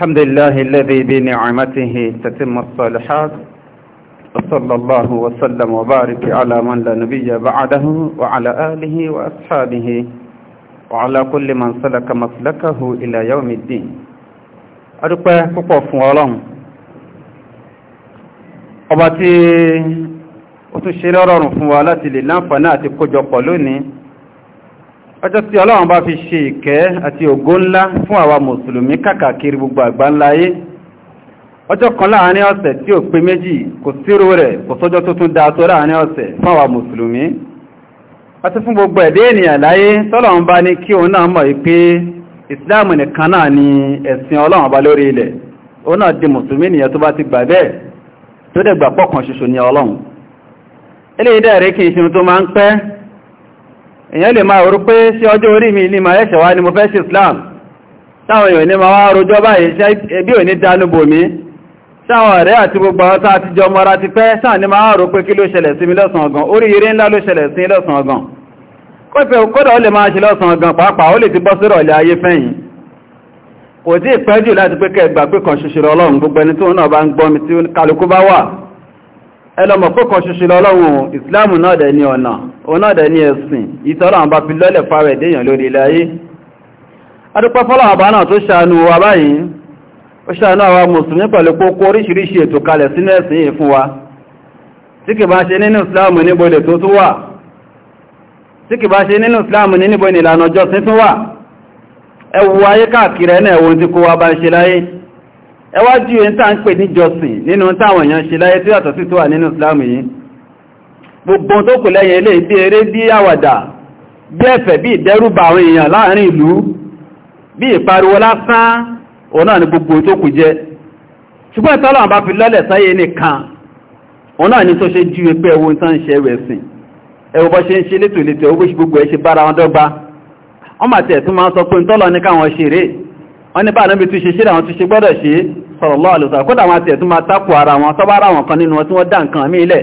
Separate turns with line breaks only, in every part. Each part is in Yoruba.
الحمد لله الذي بنعمته تتم الصالحات صلى الله وسلم وبارك على من لا نبي بعده وعلى آله وأصحابه وعلى كل من سلك مسلكه إلى يوم الدين أدوكي كوكو فوالون أباتي وتشيرون فوالاتي للنفنات كجو قلوني ọjọ́ tí ọlọ́run bá fi ṣe ìkẹ́ àti ògo ńlá fún àwa mùsùlùmí kàkàkiri gbogbo àgbáńláyé ọjọ́ kan láàrin ọ̀sẹ̀ tí ó pé méjì kò sírò rẹ̀ kò sọ́jọ́ tó tún dáa tó láàrin ọ̀sẹ̀ fún àwa mùsùlùmí àti fún gbogbo ẹ̀dẹ́ ènìyàn láyé tọ́lọ́run bá ní kí òun náà mọ̀ pé ìsìláàmù nìkan náà ni ẹ̀sìn ọlọ́run bá lórí ilẹ̀ náà di mùsùlùmí nìyẹn tó bá ti gbà bẹ́ẹ̀ tó dẹ̀ gbà pọ̀ kan ṣoṣo ni ọlọ́run eléyìí dẹ̀ kí n ṣe tó máa ń pẹ́ èyàn lè máa rú pé sí ọjọ́ orí mi ní ma ẹ́ṣẹ̀ wá ní mo fẹ́ sí Islam sáwọn èèyàn ní ma wá rojọ́ báyìí ẹbí ò ní dánúbò mi sáwọn ọ̀rẹ́ àti gbogbo àwọn tàà ti jọ mọ́ra ti pẹ́ sáà ní ma wá rú pé kí ló ṣẹlẹ̀ sí mi lọ́sàn ọ̀gàn orí eré ńlá ló ṣẹlẹ̀ sí lọ́sàn ọ̀gàn kódà ó lè máa ṣe lọ́sàn ọ̀gàn pàápàá ó lè ti bọ́ sí rọ̀lẹ́ ayé fẹ́yìn kò tí onáàdẹ̀ ní ẹ̀sìn ìtọ́lọ̀ àbá fi lọ́lẹ̀ fàwẹ̀ dèyàn lórí ilẹ̀ ayé adúpẹ́ fọ́lọ̀ àbá náà tó ṣàánú wa báyìí ó ṣàánú àwa mùsùlùmí pẹ̀lú kókó oríṣiríṣi ètò kalẹ̀ sínú ẹ̀sìn yìí fún wa tí kì bá ṣe nínú ìsìláàmù níbodè tó tún wà tí kì bá ṣe nínú ni ìlànà ọjọ́ sí tún wà ẹ gbogbo tó kù lẹ́yìn ilé bí eré bí àwàdà bí ẹ̀fẹ̀ bí ìdẹ́rùbà àwọn èèyàn láàrin ìlú bí ìpariwo lásán òun náà ni gbogbo tó kù jẹ́ ṣùgbọ́n ìtọ́lọ̀ bá fi lọ́lẹ̀ sáyé nìkan òun náà ni tó ṣe ju ẹgbẹ́ owó tán ṣe ẹwẹ̀ sìn ẹwọ bọ́ ṣe ń ṣe létò létò owó ṣe gbogbo ẹ ṣe bára wọn dọ́gba wọ́n máa tẹ̀ tún máa sọ pé ìtọ́lọ̀ ní káwọn ṣeré wọ́n ní báàdán bí tún ṣe ṣeré àwọn tún ṣe gbọ́dọ̀ ṣe sọ̀rọ̀ lọ́ọ̀lùsọ̀ kódà wọn tẹ̀ tún máa tákù ara wọn tọ́bára wọn kan nínú wọn tí wọ́n dá nǹkan mí ilẹ̀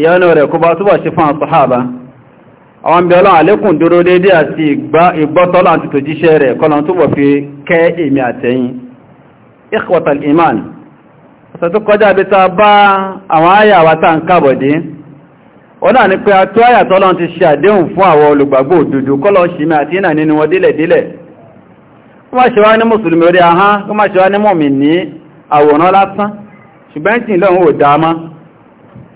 ìyọ́nú rẹ̀ kó bá túbọ̀ ṣe fún àṣàhábà àwọn ibi ọlọ́run àlékún dúró dédé àti ìgbọ́tọ́lọ́ àti tòjíṣẹ́ rẹ̀ kọ́lọ̀ túbọ̀ fi kẹ́ èmì àtẹ̀yìn ikhwatal iman ọ̀sẹ̀ tó kọjá bí ta bá àwọn àyà wa tá ń kàbọ̀dé ó ni pé a tó àyà tọ́lọ́run ti ṣe àdéhùn fún àwọn olùgbàgbọ́ òdodo kọ́lọ̀ ṣìmí àti dáa máa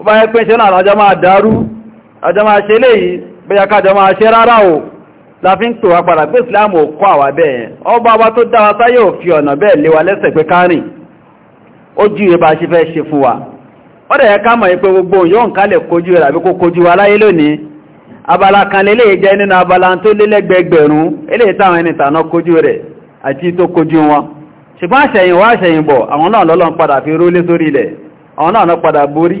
ó bá yẹ pé ṣe náà àjọ máa dárú àjọ máa ṣe léyìí bẹ́yà kájọ máa ṣe rárá o láfi ń padà pé ò àwà bẹ́ẹ̀ ọba wa tó dáwà sáyé yóò fi ọ̀nà bẹ́ẹ̀ léwa lẹ́sẹ̀ pé kárìn ó jú ṣe fẹ́ ṣe fún wa ó dẹ̀ yẹ ká mọ̀ gbogbo yóò ń kálẹ̀ kojú rẹ̀ kojú wa láyé lónìí abala kan jẹ́ nínú abala tó ẹni tàná kojú rẹ̀ àti tó kojú wọn ṣùgbọ́n wá fi rólé sórí ilẹ̀ àwọn náà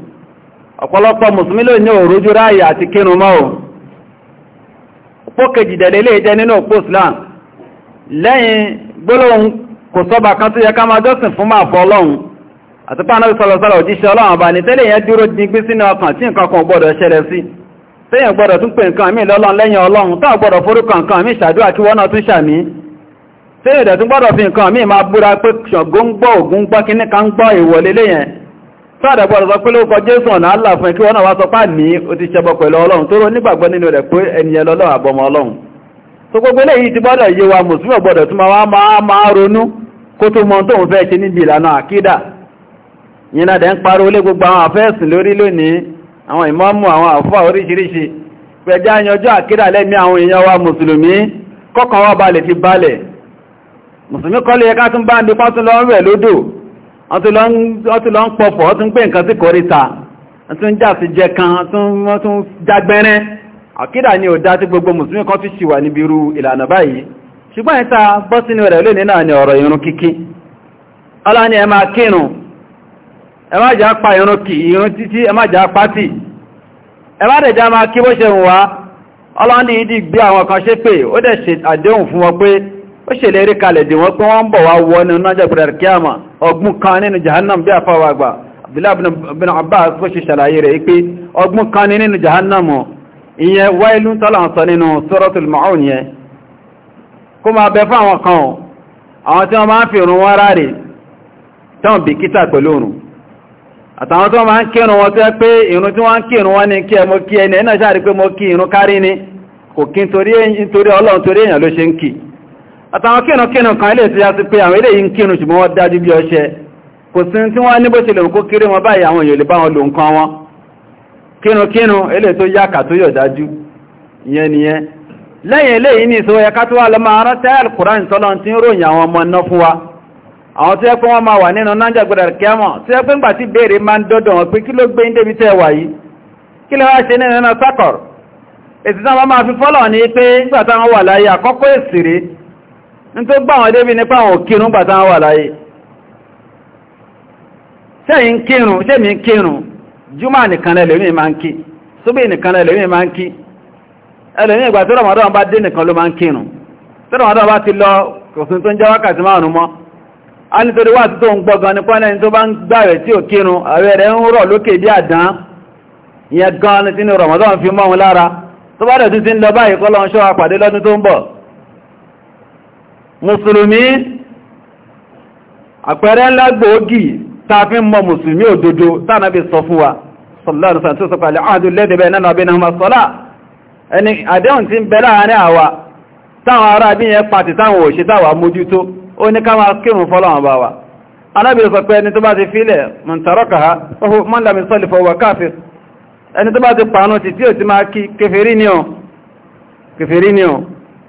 ọ̀pọ̀lọpọ̀ mùsùlùmí ló ní òrójú ráyà àti kírun mọ́ o òpó kejìdẹ̀lẹ̀ ilé jẹ́ nínú òpó Islam lẹ́yìn gbólóhùn kò sọ́bà kan tó yẹ ká máa jọ́sìn fún máa fọ́ ọlọ́run àti pàánà sọ̀rọ̀sọ̀rọ̀ òjíṣẹ́ ọlọ́run àbà ní tẹ́lẹ̀ yẹn dúró digbí sínú ọkàn tí nǹkan kan gbọ́dọ̀ ṣẹlẹ̀ sí tẹ́yìn gbọ́dọ̀ tún pè nǹkan mí gbọ́dọ̀ fi nǹkan mí máa búra pé ṣọ̀gbọ́n gbọ́ ògún gbọ́ kíní kan gbọ́ ìwọlé lẹ́yìn sáàdẹ̀ gbọ́dọ̀ sọ pé ló kọ jésù ọ̀nà Allah fún ẹkí wọ́n náà wá sọ pá ní o ti ṣẹbọ pẹ̀lú ọlọ́run tó rọ nígbàgbọ́ nínú rẹ̀ pé ẹniyẹ lọ́lọ́run àbọmọ ọlọ́run tó gbogbo eléyìí ti gbọ́dọ̀ yé wa ama gbọ́dọ̀ tún máa máa máa ronú kó tó mọ tóun fẹ́ ṣe níbi ìlànà àkídà dẹ̀ ń pariwo lé gbogbo àwọn àfẹ́sìn lórí lónìí àwọn ìmáàmù àwọn àfúà oríṣiríṣi pẹ̀já yanjú àkídà lẹ́mí àwọn èèyàn wa mùsùlùmí kọ́kàn balẹ̀ ti balẹ̀ mùsùlùmí tún wọ́n ti lọ ń pọ̀pọ̀ wọ́n ti nǹkan sí jẹ kan wọ́n ti ń jágbẹ́rẹ́ ni ò dá tí gbogbo musulmi kan fi ṣìwà níbi irú ìlànà báyìí ṣùgbọ́n ìta bọ́ sínú rẹ̀ lónìí náà ni ọ̀rọ̀ irun kíkí ọlá ni ẹ kírun ẹ má jà pa irun kì irun títí jà pa ó ṣèlérí kalẹ̀ dì wọ́n pé wọ́n ń bọ̀ wá wọ ní nájà pẹ̀lẹ̀ kíyàmà ọgbùn kan nínú jahannam bí àfáwà àgbà Abdullah bin Abbas kó ṣe ṣàlàyé rẹ̀ pé ọgbùn kan àtàwọn tó máa ń kírun wọn tó yẹ pé ìrun tí wọ́n ń kírun wọn ni kí ẹ kí ẹni ẹ̀nà ṣáà pé mọ́ kí ìrun kárí ni kò kí nítorí torí èèyàn ló ṣe ń kìí àtàwọn kírànkíràn kan ilé ìsìyà ti pé àwọn ilé yìí ń kírùn ṣùgbọ́n wọ́n dájú bí ọṣẹ kò sí tí wọ́n ní bó ṣe lè kó kéré wọn báyìí àwọn èèyàn lè bá wọn lò nǹkan wọn kírànkíràn ilé tó yáka tó yọ̀ dájú ìyẹn nìyẹn lẹ́yìn ilé yìí ní ìṣòwò ẹ̀ká tó wà lọ máa rántí alkùrán tọ́lọ́ tí ń ròyìn àwọn ọmọ náà fún wa àwọn tí ẹ láyé àkọ́kọ́ èsì ní tó gbà wọn débi nípa àwọn òkírun gbàtà wà láyé sẹ́yìn kírun sẹ́mi kírun júmà nìkan lẹ́lẹ́mí máa ń kí súbì nìkan lẹ́lẹ́mí máa ń kí ẹlẹ́mí ìgbà tó rọ̀mọ́dọ́ bá dé nìkan ló máa ń kírun tó rọ̀mọ́dọ́ bá ti lọ kòsùn tó ń jẹ́ wákàtí márùn-ún mọ́ a nítorí wà tó ń gbọ́gan ní pọ́nlẹ́ni tó bá ń gbààwẹ̀ tí ò kírun àwẹ̀ rẹ̀ ń rọ̀ lókè bí àdán ìyẹn gan ní tí ní rọ̀mọ́dọ́ fi mọ́ lára tó bá dẹ̀ tún ti ń lọ báyìí kọ́lọ́ ń ṣọ́wà pàdé lọ́dún tó ń bọ̀ mùsùlùmí àpẹẹrẹ ńlá gbòógì tààfí mọ mùsùlùmí òdodo tánàbí sọ fún wa sallallahu alaihi wasallam tó sọpàlẹ̀ àádùlẹ́dẹ̀bẹ̀ náà nàbí náà sọ́lá ẹni àdéhùn tí ń bẹ láàárín àwa táwọn ará bí yẹn pàtì táwọn òṣè táwà mójútó ó ní wa anábìrì sọ pé ẹni tó bá ti fílẹ̀ mọ̀ntàrọ́kà ha ọ̀hún mọ́lámi sọ́lì fọwọ́ káàfẹ́ ẹni tó bá ti pàánù ti tí ò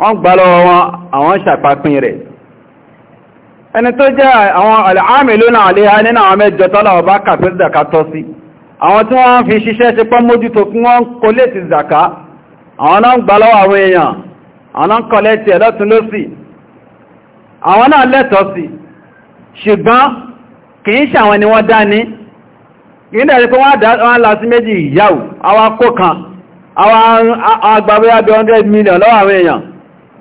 wọ́n gbà lọ́wọ́ wọn àwọn ṣàpapin rẹ̀ ẹni tó jẹ́ àwọn al'amiluna aléha nínú àwọn mẹ́jọ tọ́lọ̀wọ́ bá kàfẹ́ zaka tọ́ sí àwọn tí wọ́n fi ṣiṣẹ́ ṣe pọ́ mójútó kí wọ́n kó lè zaka àwọn náà gbà lọ́wọ́ àwọn èèyàn àwọn náà kọlẹ̀ tí ẹlọ́tún ló sì àwọn náà lẹ́tọ̀ọ́ sí ṣùgbọ́n kì í ṣàwọn ni wọ́n dání kìí dẹ̀ pé 100 million lọ́wọ́ àwọn èèyàn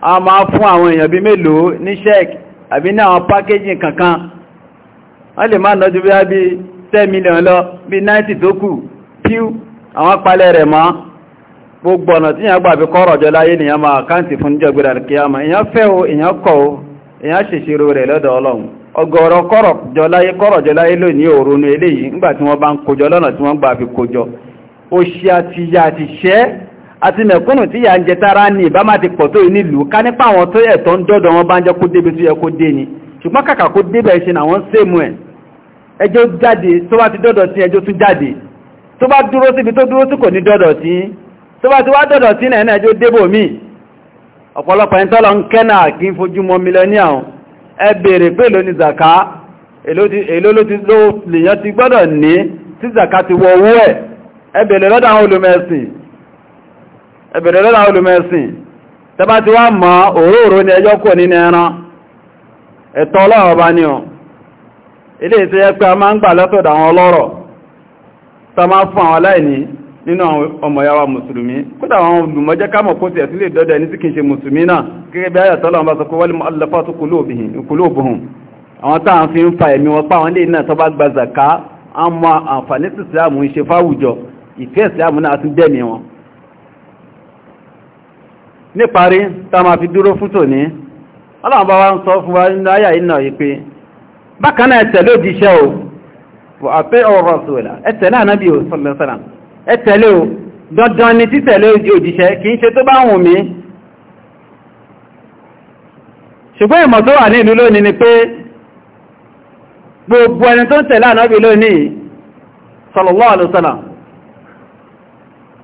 a ma fún àwọn èèyàn bí mélòó ní sheik àbí ní àwọn pákéjì kankan wọ́n lè máa nọ́jú bí i 10 million lọ bí 90 tó kù píú àwọn palẹ̀ rẹ̀ mọ́ gbogbo ọ̀nà tí yàn gbà kọ́rọ̀ ọjọ́ láyé nìyàn máa káǹtì fún jọgbìrà a o o àti mẹ̀kúnnù tí yà ń jẹ tára ní ìbámá ti pọ̀ tó nílùú ká nípa àwọn tó ẹ̀tọ́ ń dọ́dọ̀ wọn bá ń jẹ́ kó débi tó yẹ kó dé ni ṣùgbọ́n kàkà kó débẹ̀ ṣe nà wọ́n sèmù ẹ̀ ẹjọ́ jáde tó bá ti dọ́dọ̀ sí ẹjọ́ tún jáde tó bá dúró síbi tó dúró sí kò ní dọ́dọ̀ sí tó bá ti wá dọ́dọ̀ sí náà ẹjọ́ débò mí ọ̀pọ̀lọpọ̀ ẹni tọ́lọ ń kẹ́nà kí ń fojú mọ mílíọ̀nìà ẹ béèrè ni zaka èlò ló ti lóòlìyàn ti gbọ́dọ̀ ẹ̀bẹ̀rẹ̀ lọ́la olùmẹ́sìn tẹbá ti wá mọ́ òróòrò ní ẹjọ́ kò nínú ẹran ẹ̀tọ́ ọlọ́rọ̀ bá ní ọ ilé ìṣẹ́ yẹ pé a máa ń gbà lọ́tọ̀dọ̀ àwọn ọlọ́rọ̀ tá máa fún àwọn aláìní nínú àwọn ọmọ yàwá mùsùlùmí kódà àwọn olùmọ́jẹ́ kámọ̀ kó ti ẹ̀sílẹ̀ ìdọ́dọ̀ ẹni tí kìí ṣe mùsùlùmí náà gẹ́gẹ́ bí ayàtọ́lọ́ bá sọ pé wal mu'allafatu qulubuhum àwọn táà fi ń fa ẹ̀mí wọn pa àwọn náà tó bá gba zaka àwọn àǹfààní sí ìsìlámù ń ṣe fáwùjọ ìfẹ́ ìsìlámù náà níparí tá ma fi dúró fún tòní ọlọ́run bá wá ń sọ fún wa nínú ayà iná yìí pé ẹ̀tẹ̀ ló di iṣẹ́ o wà á pé ọ̀rọ̀ sọ̀lá ẹ̀tẹ̀ náà náà bí o sọ̀lọ́sọ̀lá ẹ̀tẹ̀ lé o dandan ni títẹ̀lé ojise kì í ṣe tó bá wùn mí ṣùgbọ́n ìmọ̀ tó wà ní ìlú lónìí ni pé gbogbo ẹni tó ń tẹ̀lé ànábì lónìí sallallahu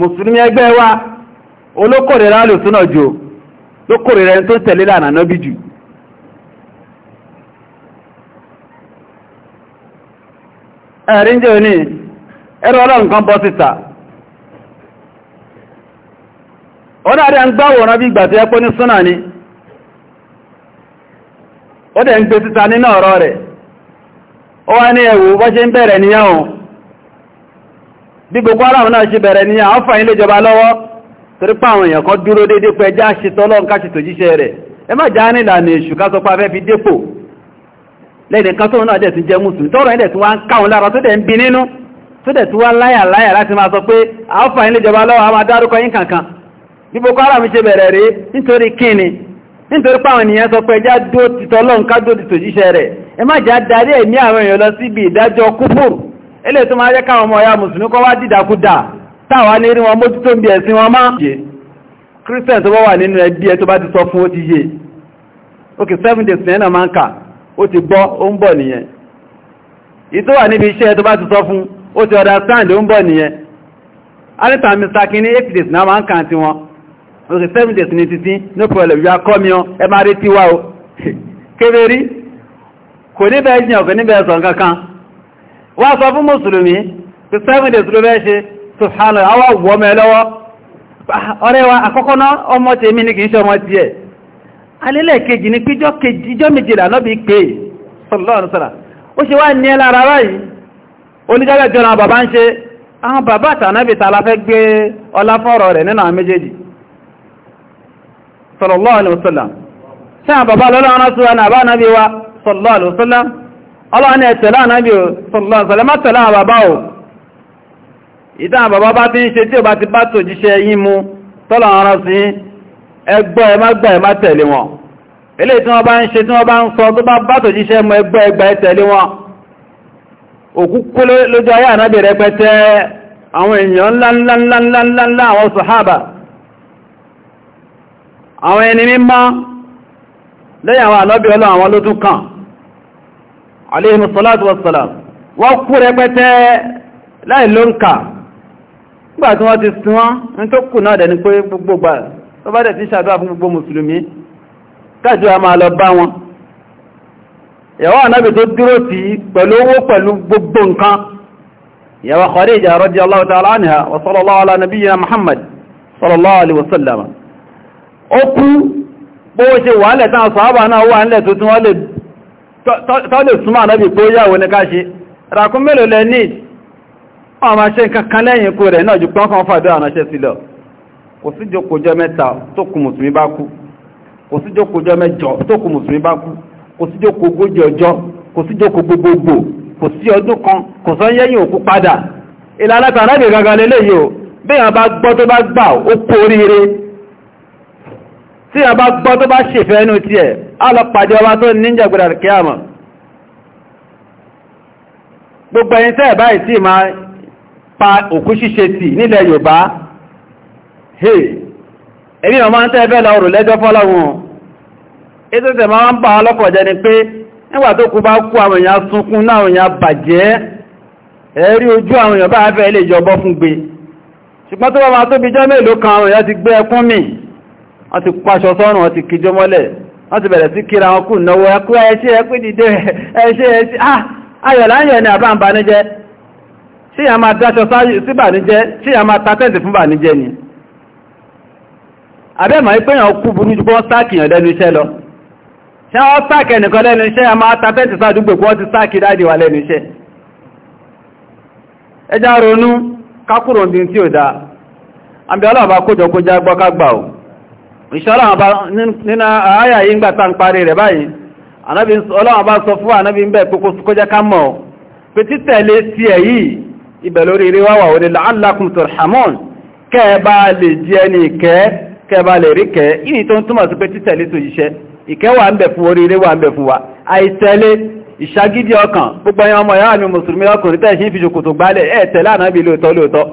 mùsùlùmí ẹgbẹ́ wa olókòrèrè alùsúnà jù lókòrèrè tó tẹ̀lé lànà nọ́bí jù ẹ̀rin jẹ́ òní ẹ̀rọ ọlọ́nkan bọ́ síta ọ̀nàrí ń bí ìgbà tí ní súnà ni ó dẹ̀ ń gbé síta nínú rẹ̀ ó wá ní ẹ̀wù bọ́ ṣe ń bẹ̀rẹ̀ bí gbogbo aráwọn náà ṣe bẹ̀rẹ̀ ní àwọn fàyín lè jọba lọ́wọ́ torí pé àwọn èèyàn kan dúró dédé pé ẹjá ṣe tọ́lọ́n ká ṣe tòjíṣẹ́ rẹ̀ ẹ má já ní ìlànà èṣù ká sọ pé afẹ́ fi dépò lẹ́yìn kan tóun náà dẹ̀ ti jẹ́ mùsùlùmí tọ́rọ̀ ilẹ̀ tí wọ́n ń káwọn lára tó dẹ̀ ń bi nínú tó dẹ̀ tí wọ́n láyà láyà láti máa sọ pé àwọn fàyín lè jọba lọ́wọ́ àwọn adárúkọ ilé tó máa jẹ́ ọmọ ya musulmi kọ́ wá dìdàkúdà táwa ní rí wọn mójútó ń bí ẹ̀sìn wọn máa yé christian tó bá wà nínú ẹbí ẹ tó bá ti sọ fún ti yé ok days ní ẹ̀nà máa ń kà ó ti gbọ́ ó ń bọ̀ nìyẹn wà níbi iṣẹ́ tó bá ti sọ fún ó ti understand ó ń bọ̀ nìyẹn alẹ́ta mr kini 8 days náà máa ń kà tí wọn ok days ní títí no problem ẹ máa rí tiwa o wọ́n sọ fún mùsùlùmí tí seven days ló bẹ́ẹ̀ ṣe subhanahu awọ́ wọ́mẹ́ lọ́wọ́ ọ̀rẹ́ wa àkọ́kọ́ náà ọmọ tèmi ní kìí ṣe ọmọ tí ẹ̀ alẹ́lẹ̀ kejì ní píjọ́ kejìjọ́ méjìlá lọ́bí pé sọ̀lọ́ọ̀rọ̀sọ̀rà ó ṣe wá ní ẹlára báyìí oníjẹ́lẹ̀ jọra bàbá ń ṣe àwọn ọlọ́ni ẹ̀tẹ̀lá ànábì ò ma tẹ̀lá àbàbá o ìdá àbàbá bá ti ń ṣe tí ò bá ti bá tò jíṣẹ́ yín mú tọ́lọ̀ ara sí ẹgbọ́ ẹ wọn bá ṣe tí lẹ́yìn àwọn ọlọ́ àwọn aléhìn sọ́látù wọ́sọ́lám wọ́n kú rẹpẹtẹ láì ló ń kà nígbà tí wọ́n ti sin wọ́n ní tó kù náà dẹni pé gbogbo gbà tó bá dẹ̀ ti ṣàdúrà fún gbogbo mùsùlùmí kájú a máa lọ bá wọn ìyàwó ànábì tó dúró tì pẹ̀lú owó pẹ̀lú gbogbo nǹkan ìyàwó Khadija radiyallahu ta'ala anha wa sallallahu ala nabiyyina Muhammad sallallahu alaihi wasallam ó kú bó ṣe wà ń lẹ̀ tán sọ́ábà náà wà ń lẹ̀ tó tún wọ́n lè tọ́lẹ̀ súnmọ́ ànábì pé ó yàwó ní káṣe ràkún mélòó lẹ ní ọmọ ṣe kankan lẹ́yìn ikú rẹ̀ náà jù pọ́n kan fàdó àránṣẹ́ sílọ kò sí jókòjọ́ mẹ́ta tó kù mùsùlùmí bá kú kò sí jókòjọ́ mẹ́jọ tó kù mùsùlùmí bá kú kò sí jókòó ogójì ọjọ́ kò sí jókòó gbogbogbò alọ́pàdé ọba tó níjà gbẹ̀rẹ̀ kíyàmà gbogbo ẹ̀yin tẹ́ẹ̀ báyìí tí ma pa òkú ṣíṣe tì nílẹ̀ Yorùbá hey èmi ọmọ ń tẹ́ẹ̀ bẹ́ẹ̀ lọ rò lẹ́jọ́ n ètò tó bá tó kan ti gbé ẹkún mì wọ́n ti pàṣọ sọ́rùn wọ́n ti kìjọ wọ́n ti bẹ̀rẹ̀ sí kíra wọn náwó ẹkú ẹṣẹ́ ẹkú dìde ẹṣẹ́ ẹṣẹ́ ah, ayọ̀láyọ̀ ni àbá ń banújẹ́ tí a máa dáṣọ sí bànújẹ́ tí a fún bànújẹ́ ni abẹ́mọ̀ ìpéyàn kú burú jù wọ́n lẹ́nu iṣẹ́ lọ sáàkì ẹnìkan lẹ́nu iṣẹ́ ìṣọ́lọ́wọ́ bá nínú àáyà yìí ń gbà tán parí rẹ̀ báyìí anábi ọlọ́wọ́ bá sọ fún anábi ń bẹ̀ kókó kójá ká mọ̀ pé títẹ̀lé sí ẹ̀ yìí ibẹ̀ lórí rí wáwà orí la'allakum turhamun kẹ́ẹ̀bá lè jẹ́ ní ìkẹ́ kẹ́ẹ̀bá lè rí kẹ́ ìní tó ń túmọ̀ sí pé títẹ̀lé tó yíṣẹ́ ìkẹ́ wà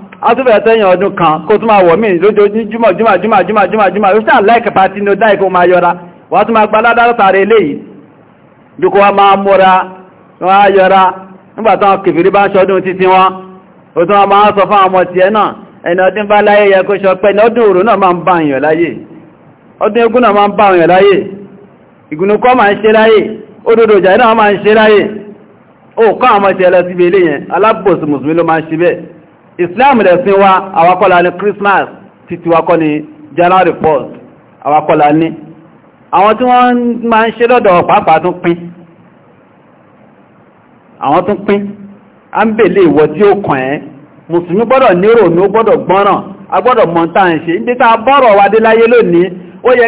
atúbẹ̀ sẹ́yìn ọdún kan kó tún máa wọ̀ mí lójoojúmọ́ jùmọ̀ jùmọ̀ jùmọ̀ jùmọ̀ jùmọ̀ jùmọ̀ yóò sàn láìkẹ̀ pàtí ní ọdá ìkó máa yọra wà tún máa gbaládá wa máa múra wọ́n á yọra nígbàtán kìfìrí bá ń ṣọdún títí wọn ó tún wọ́n máa sọ fún àwọn tiẹ̀ náà ẹni ọdún bá láyé yẹ kó ṣọpẹ́ ní ọdún òru náà máa ń bá èèyàn láyé ọdún egún náà máa islam lẹ̀sìn wa àwakọ́lá ní christmas títí wakọ́ ní january 1st àwakọ́lá ní àwọn tí wọ́n máa ń ṣe lọ́dọ̀ pàápàá tún pín àwọn tún pín a ń bèlè ìwọ tí ó kàn ẹ́ mùsùlùmí gbọ́dọ̀ nírò ní ó gbọ́dọ̀ gbọ́ràn a gbọ́dọ̀ mọ̀ tá ń ṣe ibi tá a bọ́rọ̀ wa dé láyé lónìí ó yẹ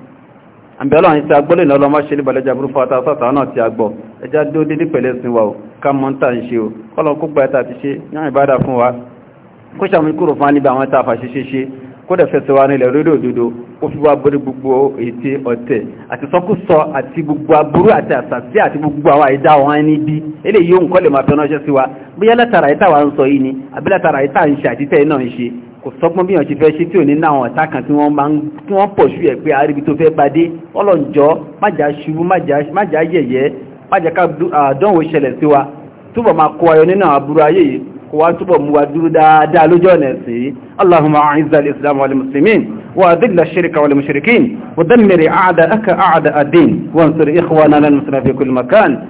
àbí ọlọ́run tí a gbọ́ lè ní ọlọ́mọ ṣe níbàlẹ̀ jàbúrú fún ata sọ́tà náà tí a gbọ́ ẹjá dó dédé pẹ̀lẹ́ sí wa ò ká mọ́ ń tà ń ṣe o kọ́lọ̀ kó gba ẹta ti ṣe yán ìbádà fún wa kó ṣàmì kúrò fún alíbà àwọn tàfà wa nílẹ̀ lórí òdodo ó fi wá borí gbogbo ète ọ̀tẹ̀ àti àwọn àìdá wọn wa bóyá látara ìta wa ń sọ kò sọ́gbọ́n bí wọ́n ti fẹ́ ṣe tí ò ní náwọn ọ̀tá kan tí wọ́n máa ń tí wọ́n pọ̀ sí ẹ̀ pé àríbi tó fẹ́ bá dé ọlọ́njọ́ májà ṣubú májà yẹ̀yẹ́ májà ká àdánwò ṣẹlẹ̀ sí wa túbọ̀ máa kó ayọ̀ nínú àbúrò ayé yìí kó wá túbọ̀ mú wa dúró dáadáa lójú ọ̀nà ẹ̀sìn اللهم أعز الإسلام والمسلمين وأذل الشرك والمشركين ودمر أعداءك أعداء الدين وانصر إخواننا المسلمين في كل مكان